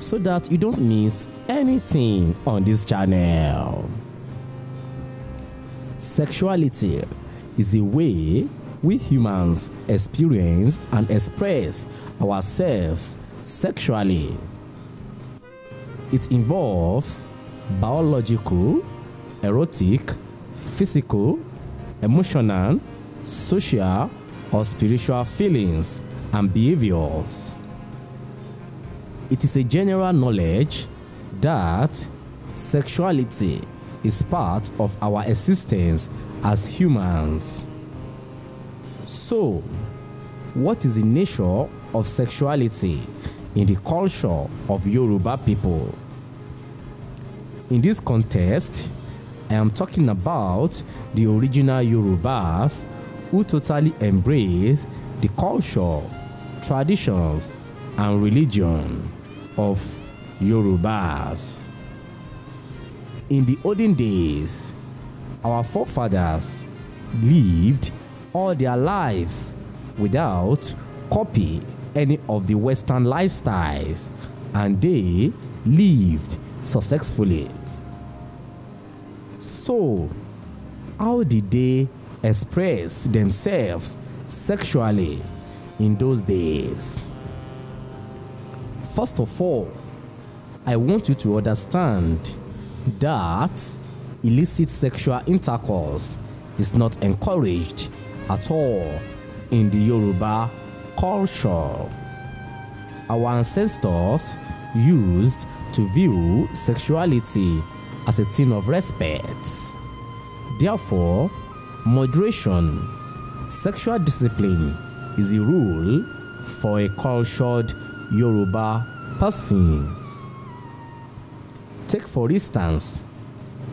so that you don't miss anything on this channel. Sexuality is the way we humans experience and express ourselves sexually. It involves biological, erotic, physical, emotional, social, or spiritual feelings and behaviors. It is a general knowledge that sexuality is part of our existence as humans. So, what is the nature of sexuality in the culture of Yoruba people? In this context, I am talking about the original Yorubas who totally embrace the culture, traditions, and religion of Yorubas. In the olden days, our forefathers lived all their lives without copy any of the Western lifestyles and they lived successfully. So, how did they express themselves sexually in those days? First of all, I want you to understand that illicit sexual intercourse is not encouraged at all in the Yoruba culture. Our ancestors used to view sexuality as a thing of respect. Therefore, moderation, sexual discipline is a rule for a cultured Yoruba person. Take for instance,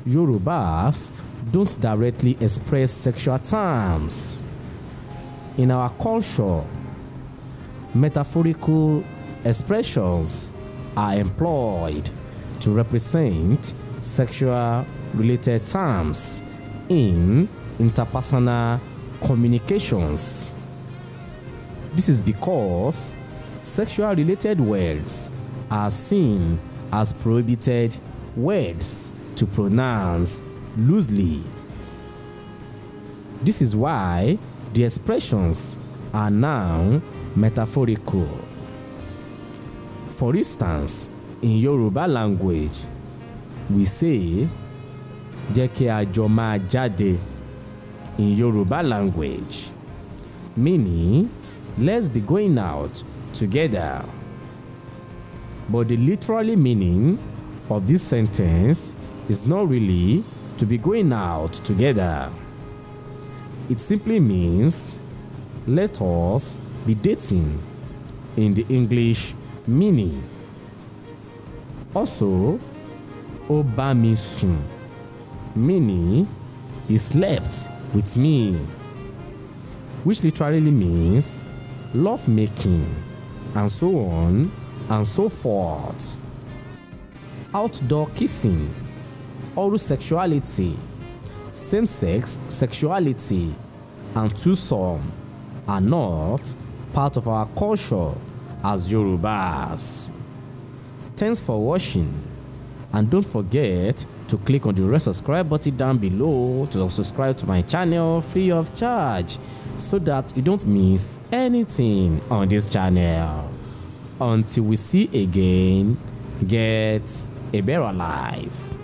Yorubas don't directly express sexual terms. In our culture, metaphorical expressions are employed to represent sexual related terms in interpersonal communications. This is because sexual related words are seen as prohibited words to pronounce loosely. This is why the expressions are now metaphorical. For instance, in Yoruba language, we say, Jẹ́ kí a jọ máa in Yoruba language, meaning, let's be going out together. But the literally meaning of this sentence is not really to be going out together. It simply means let us be dating in the English meaning. Also, Obamisu, meaning he slept with me, which literally means love making and so on and so forth. Outdoor kissing, oral sexuality, same sex sexuality, and twosome are not part of our culture as Yorubas. Thanks for watching and don't forget to click on the red subscribe button down below to subscribe to my channel free of charge so that you don't miss anything on this channel. Until we see again, get a better life.